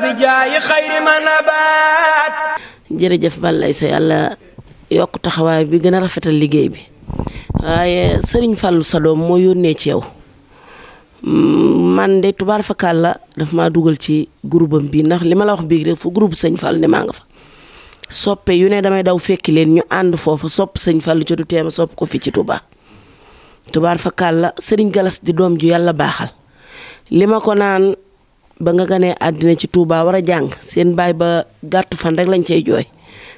bi jaayi xayri ma nabaat jërëjëf Balla Aïssa yàlla yokk taxawaay bi gën a rafetal liggéey bi waaye sëriñ Fallou sa doom moo yónnee ci yow mm, man de tubaar fakal la daf ma dugal ci groupe bi ndax li ma la wax bii rek fu groupe sëñ Fall ne maa nga fa soppe yu ne damay daw fekki leen ñu ànd foofu sopp sëñ Fall ci du teema sopp ko fi ci Touba tubaar fakal la sëriñ Galas di doom ju yàlla baaxal li ma ko naan ba nga ganee àddina ci tuubaa war a jàng seen baay ba gàtt fan rek lañ cay jooy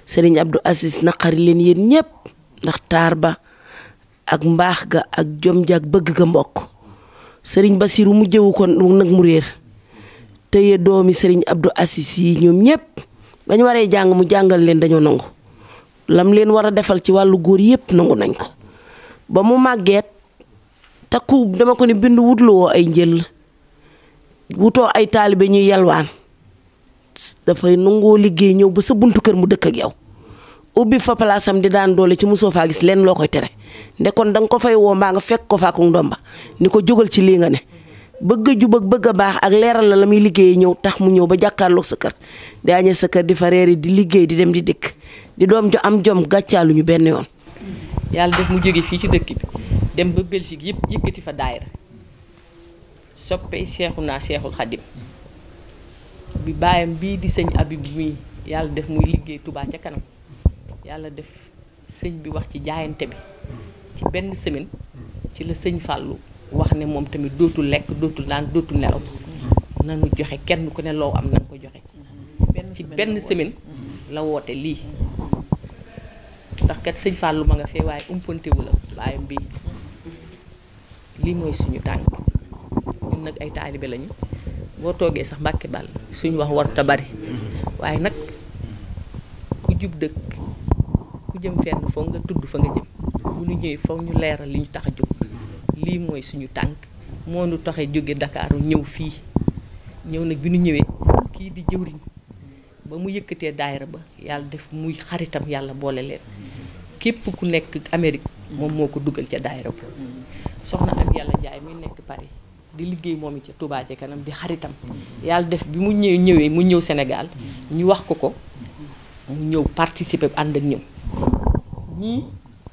Serigne abdu Aziz naqari leen yéen ñépp ndax taar ba ak mbaax ga ak jom jag bëgg ga mbokk Serigne Bassirou mu jëwu ko nag mu réer tëye doomi Serigne abdu Aziz yi ñoom ñépp dañ waree jàng mu jàngal leen dañoo nangu lam leen war a defal ci wàllu góor yépp nangu nañ ko ba mu màggeet takku dama ko ne bind wutlu woo ay njël wutoo ay taalibe ñuy yalwaan dafay nangoo liggéey ñëw ba sa buntu kër mu dëkk ak yow ubbi fa palaasam di daan doole ci mosoo faa gis lenn loo koy tere nde kon da ko fay woo mbaa nga fekk ko faaku ndomba ni ko jógal ci lii nga ne bëgg a jub bëgg a baax ak leeral la la muy liggéey ñëw tax mu ñëw ba jàkkaarloog sa kër di añee sa kër di fa reeri di liggéey di dem di dikk di doom jo am jom gàccaaluñu benn yoon. yàlla def mu jóge fii ci dëkk bi yëpp yëkkati fa daayira soppey seexu naa seexul xadim bi baayam bii di sëñ Abib mi yàlla def muy liggéey tubaa ca kanam yàlla def sëñ bi wax ci jaayante bi ci benn semaine ci la sëñ Fallou wax ne moom tamit dootu lekk dootul naan dootul nelaw nanu joxe kenn ku ne loo am nañ ko joxe ci benn semaine la woote lii ndax kat sëñ Fallou ma nga fee waaye umpantewu la baayam bii lii mooy suñu tànk ñun nag ay taalibe lañu boo toogee sax mbàkke bal suñu wax warut a bari waaye nag ku jub dëkk ku jëm fenn foo nga tudd fa nga jëm bu ñu ñëwee foog ñu leeral li ñu tax a jóg lii mooy suñu tànk moo nu taxee jóge Ndakaaru ñëw fii ñëw nag bi nu ñëwee kii di jëwriñ ba mu yëkkatee daayira ba yàlla def muy xaritam yàlla boole leen képp ku nekk Amérique moom moo ko dugal ca daayira ba soxna am yàlla Njaay mi nekk Paris di liggéey moom ci tubaa ci kanam di xaritam yàlla def bi mu ñëwee ñëwee mu ñëw senegal ñu wax ko ko mu ñëw participer ànd ak ñëw ñii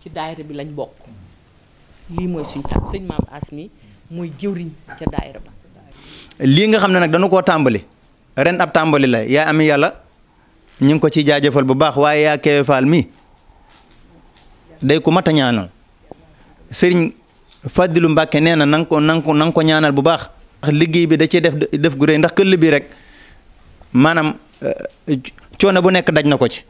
ci daayira bi lañ bokk lii mooy suñu tax sëñ maam as mi mooy jëwriñ ca daayira ba lii nga xam ne nag dañu koo tàmbali ren ab tàmbali la yaa ami yàlla ñu ngi ko ciy jaajëfal bu baax waaye yaa kewe faal mi day ku mat sëriñ Fadilu mbakke nee na na nga ko na ko na ñaanal bu baax. liggéey bi da ciy def def gu rëy ndax këll bi rek maanaam euh, coono bu nekk daj na ko ci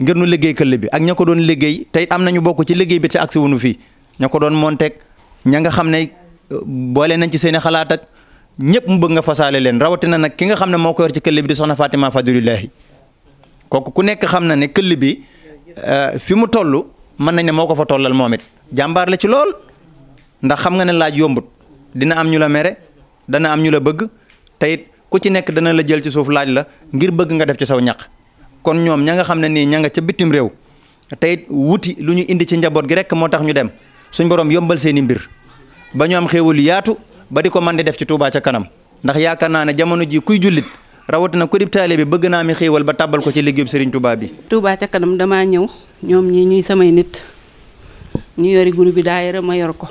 ngir nu liggéey këll bi ak ña ko doon liggéey tey am na ñu bokk ci liggéey bi te agsi wuñu fii ña ko doon monteeg ña nga xam ne euh, boole nañ ci seen i xalaat ak ñëpp mu bëgg nga fasaale leen rawatina nag ki nga xam ne moo ko yor ci këll bi di soxna Fatima Fadilulahi kooku ku nekk xam na ne këll bi euh, fi mu toll mën nañ moo ko fa moom it jàmbaar la ci lool. ndax xam nga ne laaj yombut dina am ñu la mere dana am ñu la bëgg te it ku ci nekk dana la jël ci suuf laaj la ngir bëgg nga def ci saw ñaq kon ñoom ña nga xam ne nii ña nga ca bitim réew te it wuti lu ñu indi ci njaboot gi rekk moo tax ñu dem suñ borom yombal seen i mbir ba ñu am xéewal yaatu ba di ko mën di def ci Touba ca kanam ndax yaakaar naa ne jamono ji kuy jullit rawatina ko dib taale bi bëgg naa mi xéewal ba tàbbal ko ci liggéeyub Serigne Touba bi. Touba ca kanam damaa ñëw ñoom ñii ñuy samay nit ñu yori groupe bi daayira ma yor ko.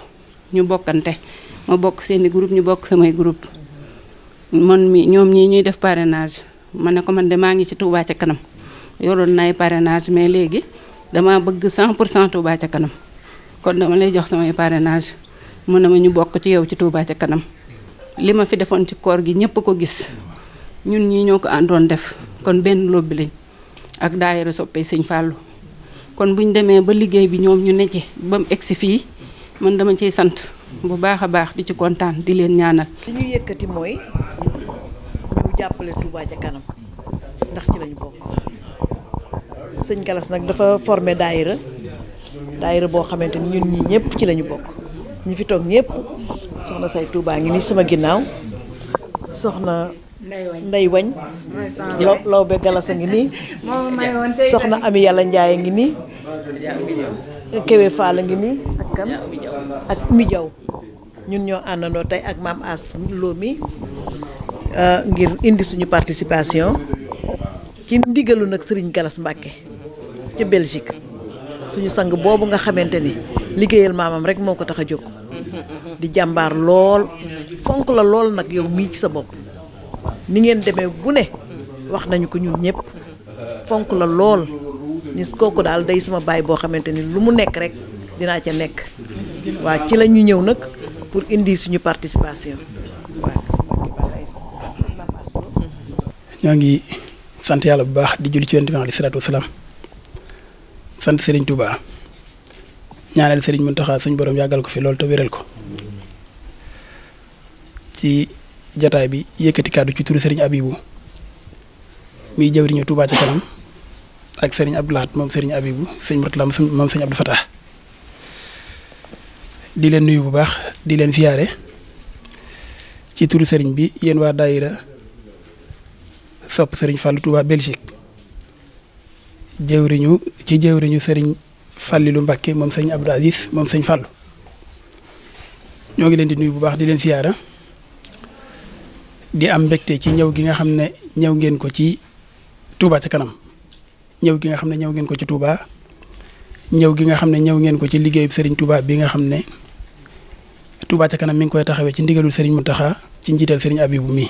ñu bokkante ma bokk seeni groupe ñu bokk samay groupe man mi ñoom ñi ñuy def parrainage ma ne ko man de maa ngi ci Touba ca kanam yoroon naay parrainage mais léegi dama bëgg cent pour cent Touba ca kanam kon dama lay jox samay parrainage mu ne ma ñu bokk ci yow ci Touba ca kanam li ma fi defoon ci koor gi ñëpp ko gis ñun ñii ñoo ko àndoon def kon benn lobbi lañ ak daayira soppee Sëñ Fàllu kon bu demee ba liggéey bi ñoom ñu ne ci ba mu egsi fii man dama ciy sant bu baax a baax di ci kontaan di leen ñaanal. li ñu yëkkati mooy ñu jàppale Touba ca kanam ndax ci lañu bokk sëñ Galas nag dafa forme daayira daayira boo xamante ni ñun ñi ñëpp ci lañu bokk ñu fi toog ñëpp soxna say tuubaa ngi ni sama ginnaaw soxna. Ndey Wañ Lawbe Galas a ngi nii soxna Ami Yàlla Njaay a ngi nii Kewe Faal a ngi nii ak kan ak Oumy ñun ñoo àndandoo tey ak maam As Lo mi euh, ngir indi suñu participation ci ndigalu nag Serigne Galas Mbacke ca Belgique suñu sang boobu nga xamante ni liggéeyal maamam rek moo ko tax a jóg di jàmbaar lool fonk la lool nag yow mii ci sa bopp ni ngeen demee bu ne wax nañu ko ñun ñëpp fonk la lool ni kooku daal day suma baay boo xamante ni lu mu nekk rek. dinaa ca nekk waaw ci la ñu ñëw nag pour indi suñu participation ñoo ngi sant yàlla bu baax di julli ci yonent bi alayhi salaatu wasalaam sant Serigne Touba ñaanal Serigne Mountakha suñu borom yàggal ko fi loolu te wéral ko ci jataay bi yëkkati kàddu ci turu Serigne Abibou muy jëwriñu Touba ci kanam ak Serigne Abdoulahat moom Serigne Abibou sëñ Murtala moom sëñ Abdou Fatah di leen nuyu bu baax di leen fiyaare ci turu sëriñ bi yéen waa daayira sopp sëriñ Fallou Touba Belgique jëwriñu ci jëwriñu sëriñ Fallilu Mbàkke moom sëñ Abdou Aziz moom sëñ Fallou ñoo ngi leen di nuyu bu baax di leen siyaara di am mbégte ci ñëw gi nga xam ne ñëw ngeen ko ci Touba ca kanam ñëw gi nga xam ne ñëw ngeen ko ci Touba ñëw gi nga xam ne ñëw ngeen ko ci liggéeyub sëriñ Touba bi nga xam ne Touba kanam mi ngi koy taxawee ci ndigalul mu Mountakha ci njiital Serigne Abibou mii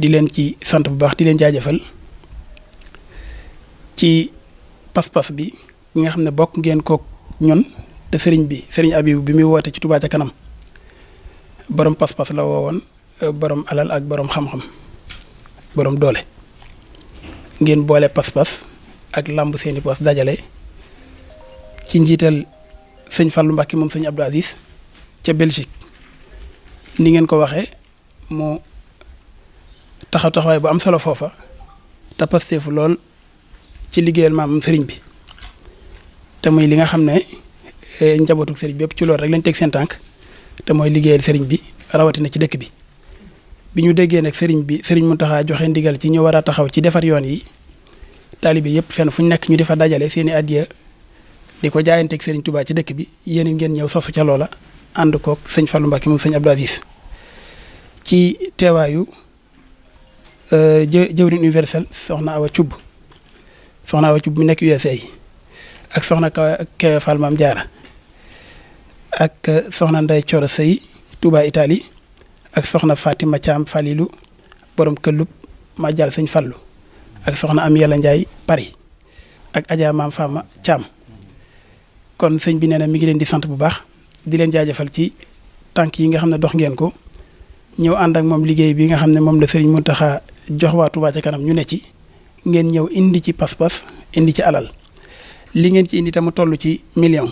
di leen ci sant bu baax di leen jaajëfal ci pas-pas bi bi nga xam ne bokk ngeen kook ñun te sëriñ bi sëriñ Abibou bi muy woote ci Touba ca kanam borom pas-pas la woowoon borom alal ak boroom xam-xam borom doole ngeen boole pas-pas ak làmb seeni pas dajale ci njiital sëñ Fallou Mbacke moom sëñ Abdou Aziz ca Belgique ni ngeen ko waxee mu taxaw taxawaay bu am solo foofa te pasteefu lool ci liggéeyal maamam sëriñ bi te muy li nga xam ne eh, njabootu sëriñ bi yëpp ci lool rek lañ teg seen tànk te mooy liggéeyal sëriñ bi rawatina ci dëkk bi bi ñu déggee nag sëriñ bi sëriñ Mountakha joxe ndigal ci ñu war a taxaw ci defar yoon yi taalibe yëpp fenn fu ñu nekk ñu defa dajale seeni i addiya di ko jaayanteeg sëriñ tubaay ci dëkk bi yéen ngeen ñëw sosu ca loola ànd koog sëñ Fallou Mbacke moom sëñ Abdou Aziz ci teewaayu euh, jë jëwriñ universel soxna Awa Thioub soxna Awa Thioub nekk USA ak soxna Kewe Fall Maam Jaara ak euh, soxna Ndeye Thioro Sey Touba Italie ak soxna Fatima Thiam Falilou borom këllub Madial sëñ Fallou ak soxna am yàlla Ndiaye Paris ak Adja Maam Fama Thiam kon sëñ bi nee na mi ngi leen di sant bu baax. di leen jaajëfal ci tànk yi nga xam ne dox ngeen ko ñëw ànd ak moom liggéey bi nga xam ne moom la mu Mountakha jox waa Touba ca kanam ñu ne ci ngeen ñëw indi ci pas-pas indi ci alal li ngeen ci indi tam mu toll ci million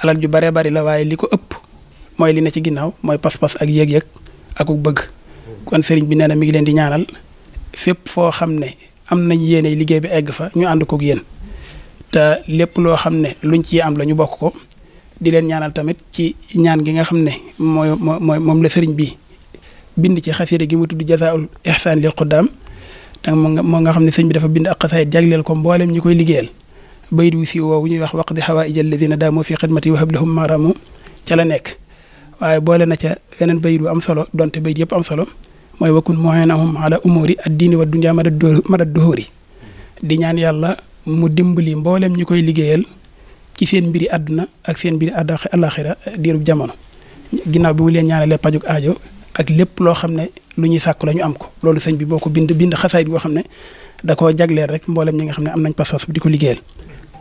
alal ju baree bari la waaye li ko ëpp mooy li ne ci ginnaaw mooy pas-pas ak yëg-yëg ak bëgg kon Serigne bi nee na mi ngi leen di ñaanal fépp foo xam ne am nañ yéene liggéey bi egg fa ñu ànd koog yéen te lépp loo xam ne luñ ci am la ñu bokk ko. di leen ñaanal tamit ci ñaan gi nga xam ne mooy mooy moom la sëriñ bi bind ci xasida gi mu tudd jazaul ihsan lil quddaam te moo nga xam ne sëñ bi dafa bind ak xasaayit jagleel ko mboolem ñi koy liggéeyal bayit wu si woowu ñuy wax waqdi xawaaij alladina daamu fi xidmati wa hablahum maramu ca la nekk waaye boole na ca weneen bayit wu am solo donte bayit yëpp am solo mooy wakun muhinahum ala umuri ad diini wa dunia madad duhuri di ñaan yàlla mu dimbali mboolem ñi koy liggéeyal ci seen mbiri àdduna ak seen mbiri àdda àllaaxira eh, diirub jamono ginnaaw bi mu leen ñaanalee pajuk aajo ak lépp loo xam ne lu ñuy sàkk la ñu am ko loolu sëñ bi boo ko bind bind xasaayit boo xam ne da koo jagleel rek mboolem ñi nga xam ne am nañ pas-pas di ko liggéeyal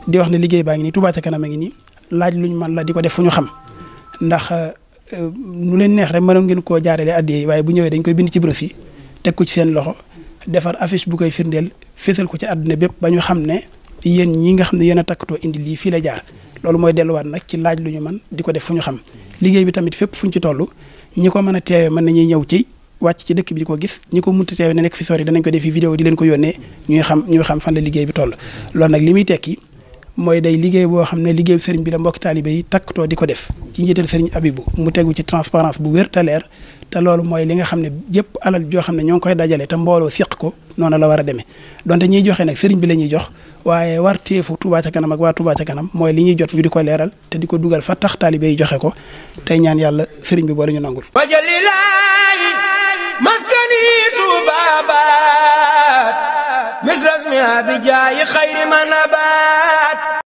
di wax ne liggéey baa ngi nii Touba ca kanam a ngi nii laaj lu ñu mën la di ko def fu ñu xam ndax eh, nu leen neex rek mënoon ngeen koo jaarale addiye waaye bu ñëwee dañ koy bind ci brosse yi teg ko ci seen loxo defar affiche bu koy firndeel fésal ko ci àdduna bépp ba ñu xam ne yéen ñi nga xam ne yéen a takkatoo indi lii fii la jaar loolu mooy delluwaat nag ci laaj lu ñu man di ko def fu ñu xam liggéey bi tamit fépp fu ñu ci toll ñi ko mën a teewee mën nañuy ñëw ci wàcc ci dëkk bi di ko gis ñi ko munti teewee ne nekk fi sori danañ ko def fi vidéo di leen ko yónnee ñuy xam ñuy xam fan la liggéey bi toll loolu nag li muy tekki mooy day liggéey boo xam ne liggéeyu sëriñ bi la mbokk taalibe yi takkatoo di ko def ci njiital sëriñ Abibu mu tegu ci transparence bu wér te leer te loolu mooy li nga xam ne jëpp alal joo xam ne ñoo ngi koy dajale te mbooloo séq ko noonu la war a demee donte ñiy joxe nag sëriñ bi la ñuy jox waaye war teefu Touba ca kanam ak waa Touba mooy li ñuy jot ñu di ko leeral te di ko dugal fa tax taalibe yi ko tey ñaan yàlla sëriñ bi boole ñu nangul wajalilaahi maskani tubabat misrasmia bi jaayi xayri manabat